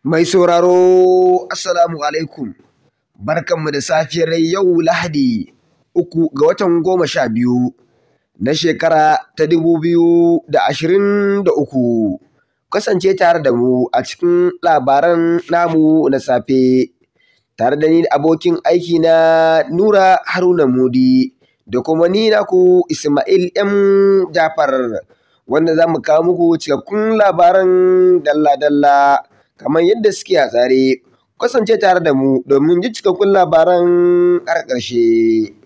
Mai sauraro Assalamu alaikum, barkanmu da safiyar yau Lahadi uku ga watan goma sha biyu na shekara ta dubu biyu da ashirin da uku. Kasance tare da mu a cikin labaran namu na safe, tare da ni da abokin aiki na Nura Haruna Mudi da kuma ni naku Ismail M. Jafar, wanda za mu kawo muku cikakkun labaran dalla-dalla. kamar yadda suke a tsare. Kasance tare da mu domin ji cikakkun labaran ƙarƙashi.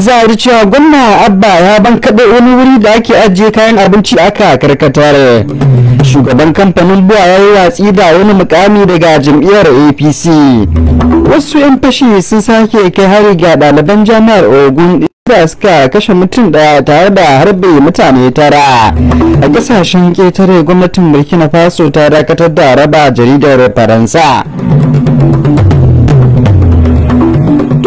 za a cewa gwamna abba ya ban kaɗe wani wuri da ake ajiye kayan abinci aka karkatar shugaban kamfanin buwa ya yi watsi da wani mukami daga jam'iyyar apc wasu 'yan fashi sun sake kai hari ga ɗaliban jami'ar ogun da suka kashe mutum daya tare da harbe mutane tara a kasashen ketare gwamnatin burkina faso ta dakatar da raba jaridar faransa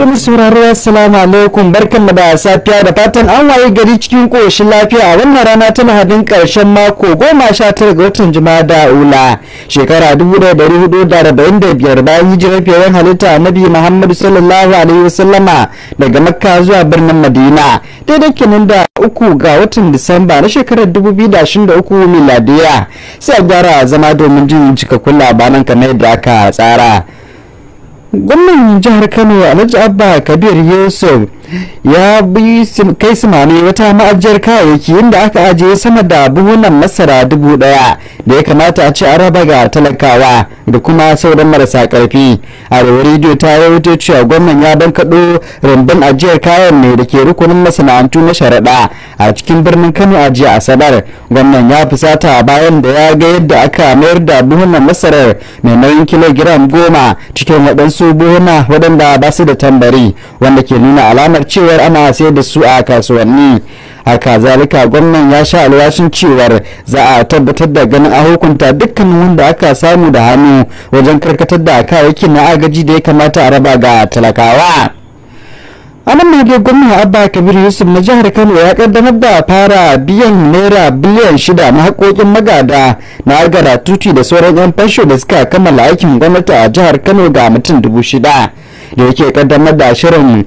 da sauraro assalamu alaikum barkan da safiya da fatan an waye gari cikin koshin lafiya a wannan rana ta lahadin karshen mako goma sha tara ga watan da ula shekara dubu da dari hudu da arba'in da biyar bayan hijirar fiyayen halitta annabi muhammadu sallallahu alaihi wasallama daga makka zuwa birnin madina daidai kenan da uku ga watan disamba na shekarar dubu biyu da ashirin da uku miladiya sai a gyara zama domin jin cikakkun labaran kamar yadda aka tsara gwamnan jihar kano alhaji abba kabir yusuf ya bi kai mani wata ma'ajiyar kayayyaki inda aka ajiye sama da buhunan masara dubu daya da ya kamata a ci a raba ga talakawa da kuma sauran marasa karfi a rediyo ta rawaito cewa gwamnan ya bankaɗo rumbun ajiyar kayan ne da ke rukunin masana'antu na sharaɗa a cikin birnin kano a jiya asabar gwamnan ya fusata bayan da ya ga yadda aka mayar da buhunan masarar mai nauyin kilogiram goma cikin waɗansu buhuna waɗanda ba su da tambari wanda ke nuna alamar maganar cewar ana sayar da su a kasuwanni a kazalika gwamnan ya sha alwashin cewar za a tabbatar da ganin a hukunta dukkanin wanda aka samu da hannu wajen karkatar da kayayyakin na agaji da ya kamata a raba ga talakawa anan mage dai gwamnan abba kabir yusuf na jihar kano ya kaddamar da fara biyan naira biliyan shida na haƙoƙin magada na agara tuti da sauran yan fasho da suka kammala aikin gwamnati a jihar kano ga mutum dubu shida da yake kaddamar da shirin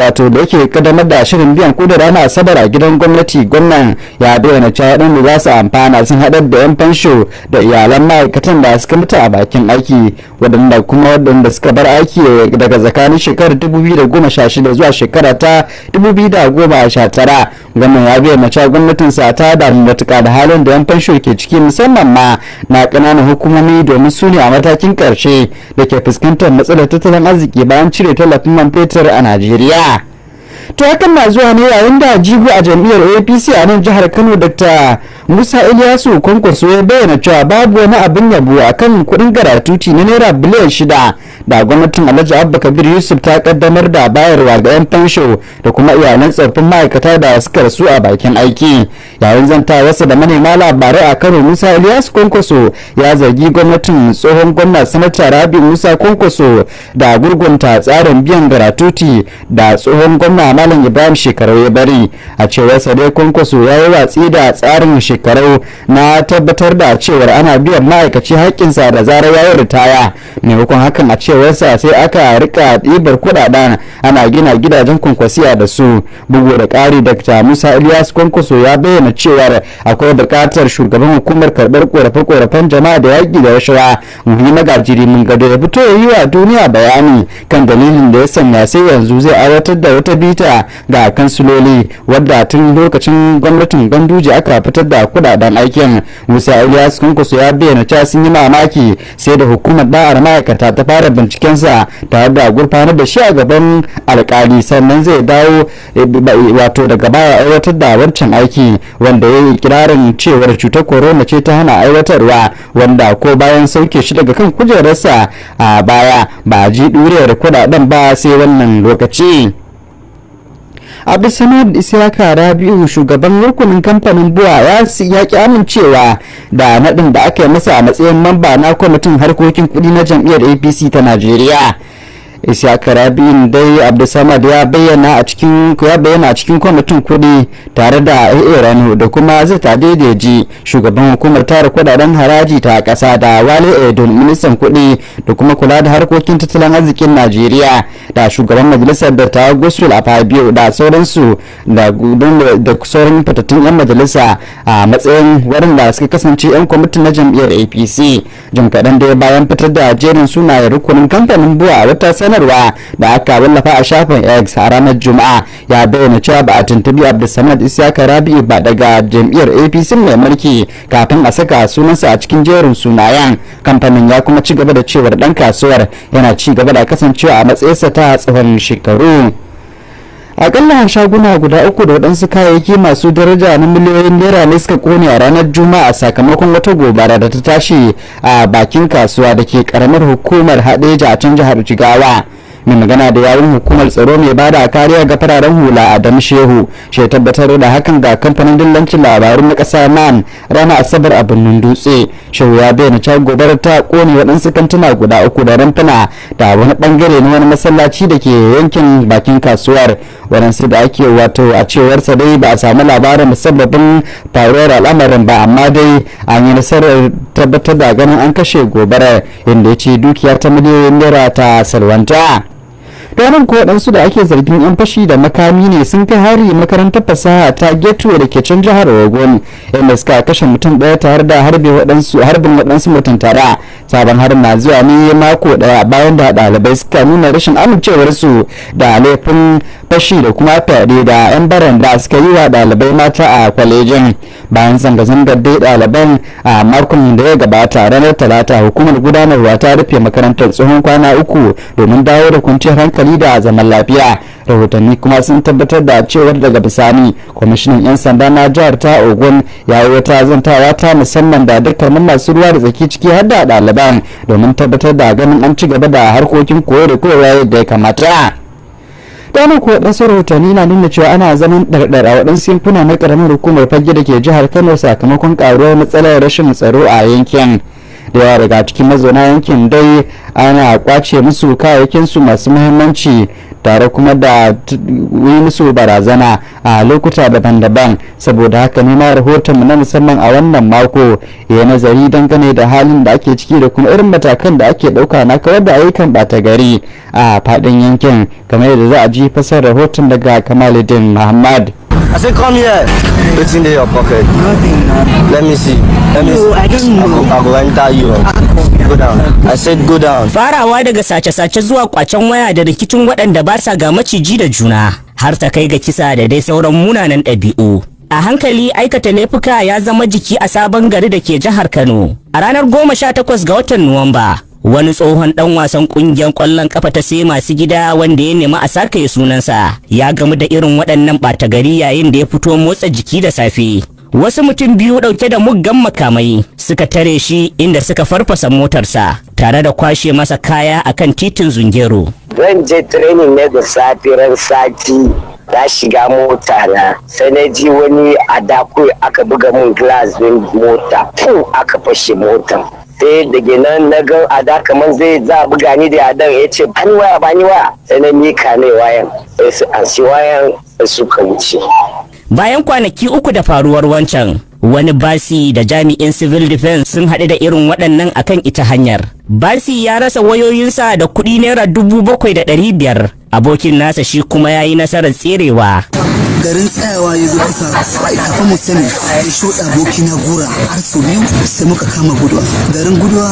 wato da yake kaddamar da shirin biyan kudin asabar a gidan gwamnati gwamnan ya bayyana cewa waɗanda za su amfana sun haɗar da 'yan fansho da iyalan ma'aikatan da suka mutu a bakin aiki waɗanda kuma waɗanda suka bar aiki daga tsakanin shekarar 2016 zuwa shekara ta 2019 gama ya biya mace sa ta da matuka da halin da yan fansho ke ciki musamman ma na ƙananan hukumomi domin su ne a matakin ƙarshe da ke fuskantar matsalar tattalin arziki bayan cire tallafin man fetur a najeriya to hakan na zuwa ne yayin da jigo a jam'iyyar apc a nan jihar kano dr musa ilyasu kwankwaso ya bayyana cewa babu wani abin yabo a kan kuɗin garatuti na naira biliyan shida da gwamnatin alhaji abba kabir yusuf ta kaddamar da bayarwa ga 'yan fansho da kuma iyalan tsoffin ma'aikata da suka rasu a bakin aiki yayin zantawarsa da manema labarai a kano musa ilyasu kwankwaso ya zargi gwamnatin tsohon gwamna sanata rabi musa kwankwaso da gurgunta tsarin biyan garatuti da tsohon gwamna malam ibrahim shekarau ya bari a cewar sa dai kwankwaso ya yi watsi da tsarin shekarau na tabbatar da cewar ana biyan ma'aikaci sa da zarar ya yi ritaya maimakon hakan a cewar sa sai aka rika ɗibar kuɗaɗen ana gina gidajen kwankwasiya da su bugu da ƙari dr musa ilyas kwankwaso ya bayyana cewar akwai buƙatar shugaban hukumar karɓar ƙorafe-ƙorafen jama'a da yaƙi da rashawa muhimmi magajiri mun gado ya fito ya yi wa duniya bayani kan dalilin da ya sanya sai yanzu zai aiwatar da wata bita shari'a ga kansiloli wadda tun lokacin gwamnatin ganduje aka fitar da kudaden aikin musa ilyas kunkusu ya bayyana cewa sun yi mamaki sai da hukumar da'ar ma'aikata ta fara bincikensa tare da gurfanar da shi a gaban alkali sannan zai dawo eh, wato daga baya aiwatar da wancan aiki wanda ya yi kirarin cewar cutar corona ce ta hana aiwatarwa wanda ko bayan sauke shi daga kan kujerarsa a baya ba ji ɗurewar kudaden ba sai wannan lokaci abu sanar da isiyaka rabiu shugaban rukunin kamfanin buwa ya ki amincewa da naɗin da aka yi masa a matsayin mamba na kwamitin harkokin kudi na jam'iyyar apc ta najeriya Isiyaka Rabi'in dai Abdulsamad ya bayyana a cikin ya bayyana a cikin kwamitin kuɗi tare da Irano da kuma Zita Dedeji shugaban hukumar tara kudaden haraji ta ƙasa da Wale Edun ministan kuɗi da kuma kula da harkokin tattalin arzikin Najeriya da shugaban majalisar da ta gusul a Fabio da sauransu da da sauran fatattun 'yan majalisa a matsayin da suka kasance 'yan kwamitin na jam'iyyar APC jim kaɗan dai bayan fitar da jerin sunayen rukunin kamfanin buwa wata sanar sanarwa da aka wallafa a shafin x a ranar juma'a ya bayyana cewa ba a tuntubi abdulsamad isyaka rabi'u ba daga jam'iyyar apc mai mulki kafin a saka sunansa a cikin jerin sunayen kamfanin ya kuma ci gaba da cewar dan kasuwar yana ci gaba da kasancewa a matsayinsa ta tsawon shekaru akalla shaguna guda uku da waɗansu kayayyaki masu daraja na miliyoyin naira ne suka kone a ranar juma'a sakamakon wata gobara da ta tashi a bakin kasuwa da ke karamar hukumar hadeja a can jihar jigawa mai magana da yawun hukumar tsaro mai bada kariya ga fararen hula adam shehu shi tabbatar da hakan ga kamfanin dillancin labarun na kasa man rana asabar a birnin dutse shehu ya bayyana cewa gobarar ta kone waɗansu kantuna guda uku da ramfuna da wani bangare na wani masallaci da ke yankin bakin kasuwar waɗansu da ake wato a cewarsa dai ba a samu labarin musabbabin faruwar al'amarin ba amma dai an yi nasarar tabbatar da ganin an kashe gobarar inda ya ce dukiya ta miliyoyin naira ta salwanta taron ko waɗansu da ake zargin yan fashi da makami ne sun kai hari makarantar fasaha ta getwe da ke can jihar ogun inda suka kashe mutum ɗaya tare da harbin waɗansu harbin waɗansu mutum tare sabon harin na zuwa ne mako ɗaya bayan da ɗalibai suka nuna rashin amincewarsu da laifin fashi da kuma fyaɗe da 'yan baranda suka yi wa ɗalibai mata a kwalejin bayan zanga-zangar dai ɗaliban a makon da ya gabata ranar talata hukumar gudanarwa ta rufe makarantar tsohon kwana uku domin dawo da kwanciyar hankali da zaman lafiya rahotanni kuma sun tabbatar da cewar daga bisani kwamishinan 'yan sanda na jihar ta ogun ya yi wata zantawa ta musamman da dukkanin masu ruwa da tsaki ciki har da ɗaliban domin tabbatar da ganin an ci gaba da harkokin koyo da koyarwa yadda ya kamata dama ko waɗansu rahotanni na nuna cewa ana zaman dardar a waɗansu yankuna na ƙaramin hukumar fage da ke jihar kano sakamakon ƙaruwar matsalar rashin tsaro a yankin da yawa daga cikin mazauna yankin dai ana kwace musu kayayyakin su masu muhimmanci tare kuma da yi musu barazana a lokuta daban-daban saboda haka ne ma rahotonmu na musamman a wannan mako ya nazari dangane da halin da ake ciki da kuma irin matakan da ake ɗauka na kawar da ayyukan ɓata gari a fadin yankin kamar yadda za a ji fasar rahoton daga kamaluddin muhammad I said, come here. What's in your pocket? Nothing. Man. Let me see. Let me no, see. I don't know. I will enter you. Go down. I said go down. Farawa daga sace-sace zuwa kwacen waya da rikicin waɗanda ba sa ga maciji da juna har ta kai ga kisa da dai sauran munanan ɗabi'u. A hankali aikata laifuka ya zama jiki a sabon gari da ke jihar Kano a ranar 18 ga watan Nuwamba. wani tsohon dan wasan kungiyar kwallon kafa ta sai masu gida wanda ya nemi a sake sunansa ya gamu da irin waɗannan ɓata gari yayin da ya fito motsa jiki da safe wasu mutum biyu ɗauke da muggan makamai suka tare shi inda suka farfasa motarsa tare da kwashe masa kaya a kan titin zungero zan je training ne da safe ran sati na shiga mota na sai na ji wani a aka buga min glass din mota fu aka fashe motan sai da ginan na ga ada kamar zai za a buga ni da adan ya ce bani waya ba ni waya sai na mika ne wayan sai eh, su ansi wayan eh, suka wuce bayan kwanaki uku da faruwar wancan wani basi da jami'in civil defense sun haɗu da irin waɗannan akan ita hanyar basi ya rasa wayoyinsa da kuɗi naira dubu bakwai da ɗari biyar abokin nasa shi kuma ya yi nasarar tserewa garin tsayawa ya zo kusa kafin mu sani ya shoɗa boki na gura har sau biyu sai muka kama guduwa garin guduwa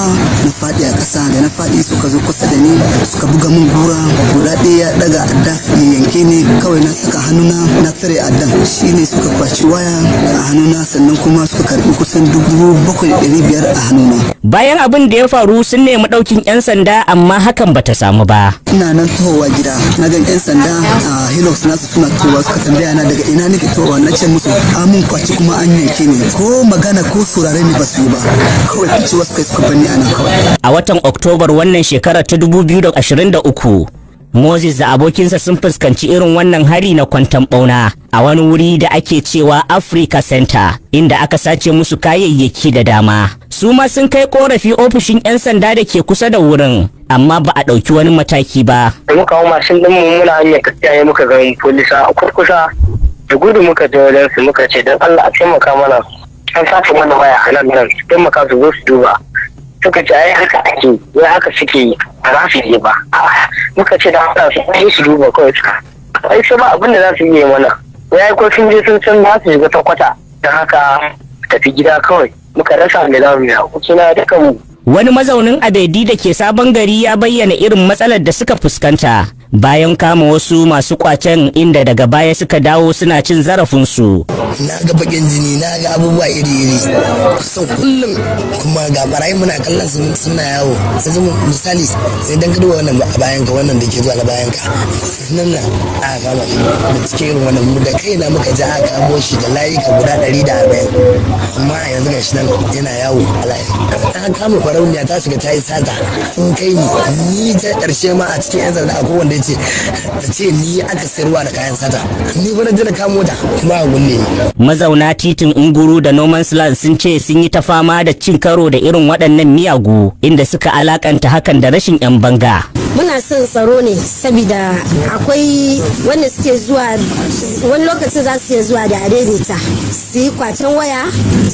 na faɗi a ƙasa da na faɗi suka zo kusa da ni suka buga min gura guda ɗaya ya ɗaga adda ya yanke ni kawai na saka hannuna na tare addan shine suka kwaci waya a hannuna sannan kuma suka karɓi kusan dubu bakwai ɗari biyar a hannuna. bayan abin da ya faru sun nemi ɗaukin 'yan sanda amma hakan bata samu ba. ina nan tohowa gida na gan 'yan sanda a hilux nasu suna towa suka tambaya na daga ina nake towa na ce musu amun kwaci kuma an yanke ne ko magana ko surare ne ba su yi ba kawai kici wasu kai suka bani ana kawai. A watan Oktobar wannan shekarar ta 2023 Moses da abokinsa sun fuskanci irin wannan hari na kwantan bauna a wani wuri da ake cewa Africa Center inda aka sace musu kayayyaki da dama. Su ma sun kai korafi ofishin 'yan sanda da ke kusa da wurin amma ba a ɗauki wani mataki ba. Da muka hau mashin ɗin mu muna hanyar tafiya ne muka ga polisa a kurkusa da gudu muka je wajen su muka ce don Allah a taimaka mana an sace mana waya a nan nan taimaka su zo su duba. Suka ce ai haka ake wai haka suke yi ba za su yi ba. Muka ce da Allah su yi su duba kawai suka. Ai sai ba abin da za su yi mana. Wai ko sun je sun san za su shiga ta kwata. Don haka tafi gida kawai. Muka rasa mai zamu yi a dukan mu. wani mazaunin abedi da ke sabon gari ya bayyana irin matsalar da suka fuskanta bayan kama wasu masu kwacen inda daga baya suka dawo suna cin zarafinsu na ga bakin jini na ga abubuwa iri-iri so kullum kuma ga barayi muna kallon su suna yawo sai zama misali sai dan wannan a bayan ka wannan da ke zuwa na bayan ka nan na a kama cikin irin wannan mu da kaina muka ji a kamo shi da layuka guda ɗari da arba'in amma yanzu ga shi nan yana yawo a layi an kama farauniya ta shiga ta yi sata sun kai ni ni ta ƙarshe ma a cikin 'yan sanda a kowanne ya ce ta ce ni aka sayarwa da kayan sata ni bana jira kamo mota. kuma a gulle mazauna titin unguru da noman slan sun ce sun yi ta fama da cin karo da irin waɗannan miyagu inda suka alakanta hakan da rashin 'yan banga muna son tsaro ne saboda akwai wanda suke zuwa wani lokacin za su iya zuwa da adaidaita su yi kwacen waya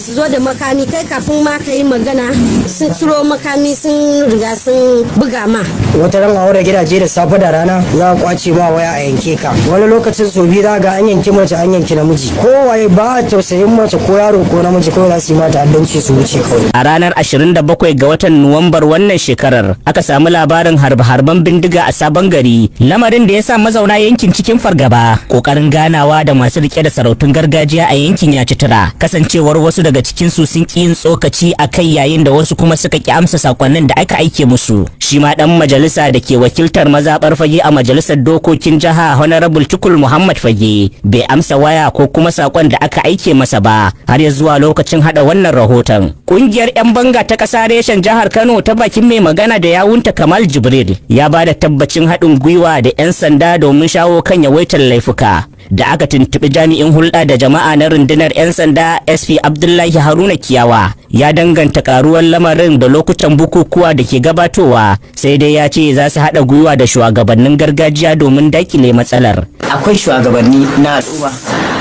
su zo da makami kai kafin ma ka yi magana sun turo makami sun riga sun buga ma wata ran aure gidaje da safe da rana za a kwace ma waya a yanke ka wani lokacin so biyu za ga an yanke mace an yanke namiji kowaye ba a tausayin mace ko yaro ko namiji kawai za su yi mata addanci su wuce kawai a ranar 27 ga watan nuwambar wannan shekarar aka samu labarin harbe-harbe babban bindiga a sabon gari lamarin da ya sa mazauna yankin cikin fargaba kokarin ganawa da masu rike da sarautun gargajiya a yankin ya ci tura kasancewar wasu daga cikin su sun ki yin tsokaci a kai yayin da wasu kuma suka ki amsa sakonnin da aka aike musu shi ma dan majalisa da ke wakiltar mazabar fage a majalisar dokokin jiha honorable tukul muhammad fage bai amsa waya ko kuma sakon da aka aike masa ba har ya zuwa lokacin hada wannan rahoton kungiyar yan banga ta kasa reshen jihar kano ta bakin mai magana da yawunta kamal jibril ya ya ba da tabbacin haɗin gwiwa da 'yan sanda domin shawo kan yawaitar laifuka da aka tuntuɓi jami'in hulɗa da jama'a na rundunar 'yan sanda sp abdullahi haruna kiyawa ya danganta karuwar lamarin da lokutan bukukuwa da ke gabatowa sai dai ya ce za su haɗa gwiwa da shugabannin gargajiya domin dakile matsalar akwai shugabanni na al'umma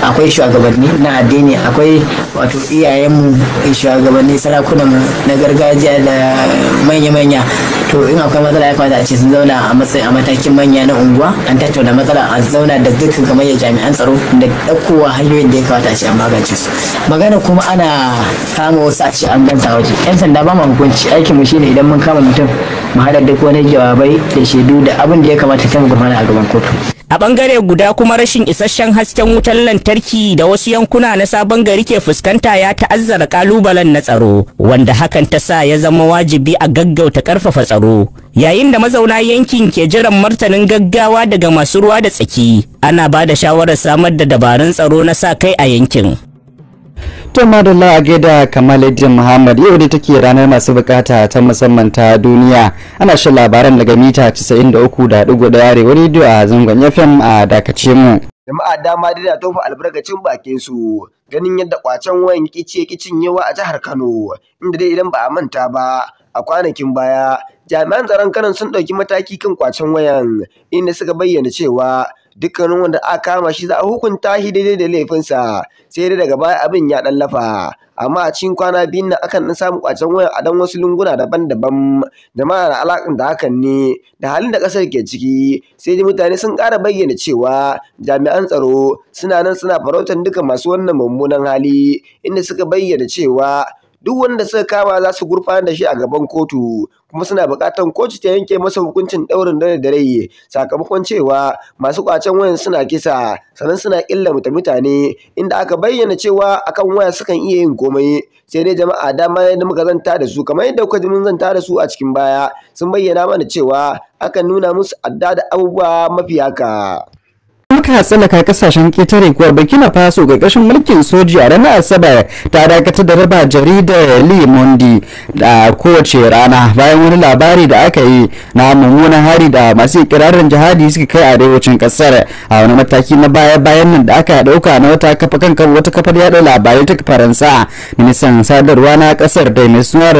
akwai shugabanni na addini akwai wato iyayenmu shugabanni sarakunan na gargajiya da manya-manya to in akwai matsala ya kamata a ce sun zauna a matsayin a matakin manya na unguwa an tattauna matsala a zauna da dukkan kamar ya jami'an tsaro da ɗaukowa hanyoyin da ya kamata a ce an magance su magana kuma ana kama wasu a ce an gansa waje yan sanda ba ma hukunci aikin mu shine idan mun kama mutum mu haɗa duk wani jawabai da shaidu da abin da ya kamata ta mu gurfana a gaban kotu a bangare guda kuma rashin isasshen hasken wutar lantarki da wasu yankuna na sabon gari ke fuskanta ya ta'azzara kalubalen na tsaro wanda hakan ta sa ya zama wajibi a gaggauta karfafa tsaro yayin da mazauna yankin ke jiran martanin gaggawa daga masu ruwa da tsaki ana ba da shawarar samar da dabarun tsaro na sa kai a yankin to madalla a gaida kamaluddin muhammad yau da take ranar masu bukata ta musamman ta duniya ana shan labaran daga mita 93.1 arewa rediyo a zangon fm a dakace mu jama'a dama da na tofa albarkacin bakin su ganin yadda kwacen wayan kice kicin yawa a jihar kano inda dai idan ba a manta ba a kwanakin baya jami'an tsaron kanan sun ɗauki mataki kan kwacen wayan inda suka bayyana cewa dukkanin wanda a kama shi za a hukunta shi daidai da laifinsa sai dai daga baya abin ya dan lafa amma a cikin kwana biyun nan akan dan samu kwacen waya a dan wasu lunguna daban-daban jama'a na alakan da hakan ne da halin da kasar ke ciki sai dai mutane sun ƙara bayyana cewa jami'an tsaro suna nan suna farautar duka masu wannan mummunan hali inda suka bayyana cewa duk wanda suka kama za su gurfanar da shi a gaban kotu kuma suna buƙatar kotu ta yanke masa hukuncin ɗaurin dare da rai sakamakon cewa masu ƙwacen wayan suna kisa sannan suna illa mutane inda aka bayyana cewa akan waya sukan iya yin komai sai dai jama'a dama yadda muka zanta da su kamar yadda kuka ji mun zanta da su a cikin baya sun bayyana mana cewa akan nuna musu adda da abubuwa mafi haka muka tsallaka kasashen ketare kuwa burkina faso ƙarƙashin mulkin soji a ranar asabar ta dakatar da raba jaridar le monde da kowace rana bayan wani labari da aka yi na mummunan hari da masu ikirarin jihadi suka kai a arewacin kasar a wani mataki na baya bayan nan da aka dauka na wata kafa kan wata kafar yada labarai ta faransa ministan sadarwa na kasar da mai suna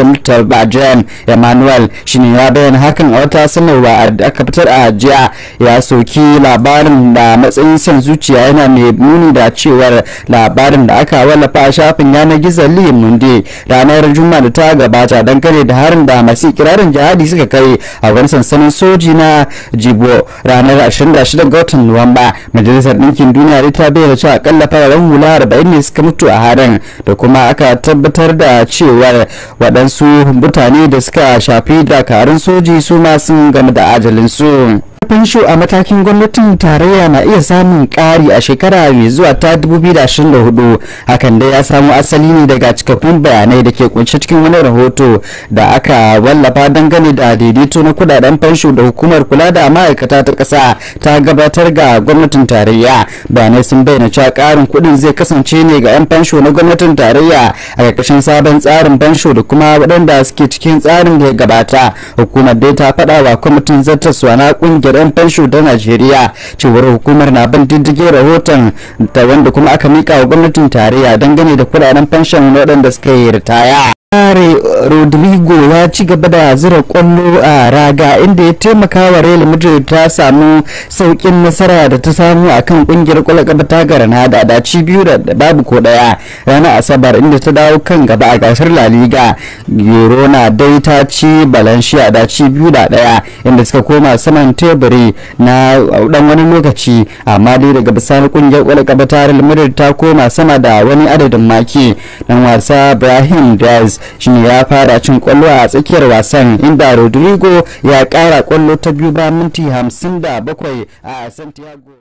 bajan emmanuel shine ya bayyana hakan a wata sanarwa da aka fitar a jiya ya soki labarin da matsayin son zuciya yana mai nuni da cewar labarin da aka wallafa a shafin yanar gizo Liam Munde ranar Juma'a da ta gabata dangane da harin da masu kirarin jihadi suka kai a wani sansanin soji na Jibo ranar 26 ga watan Nuwamba. Majalisar Ɗinkin Duniya ta bayyana cewa akalla fararen hula 40 ne suka mutu a harin da kuma aka tabbatar da cewar waɗansu mutane da suka shafi dakarun soji su ma sun gama da su fansho a matakin gwamnatin tarayya na iya samun kari a shekara mai zuwa ta 2024 hakan da ya samo asali ne daga cikakkun bayanai da ke kunshe cikin wani rahoto da aka wallafa dangane da daidaito na kudaden fansho da hukumar kula da ma'aikata ta kasa ta gabatar ga gwamnatin tarayya bayanai sun bayyana cewa karin kuɗin zai kasance ne ga 'yan fansho na gwamnatin tarayya a ƙarƙashin sabon tsarin fansho da kuma waɗanda suke cikin tsarin da ya gabata hukumar dai ta faɗa wa kwamitin zartaswa na ƙungiyar kungiyar fansho ta najeriya cewar hukumar na bin diddigin rahoton da wanda kuma aka mika wa gwamnatin tarayya dangane da kudaden fanshon waɗanda suka yi ritaya Mare uh, Rodrigo ya ci gaba da zira kwallo a raga inda ya taimaka wa Real Madrid ta samu saukin nasara da ta samu a kan kungiyar kwallon ta Granada da ci biyu da babu ko daya ranar Asabar inda ta dawo kan gaba a gasar La Liga. Girona dai ta ci Valencia da ci biyu da daya inda suka koma saman teburi na dan uh, wani lokaci amma dai daga bisani kungiyar kwallon ta Real Madrid ta koma sama da wani adadin maki dan wasa Brahim Diaz shine ya fara cin kwallo a tsakiyar wasan inda rodrigo ya kara kwallo ta biyu ba minti hamsin da bakwai a santiago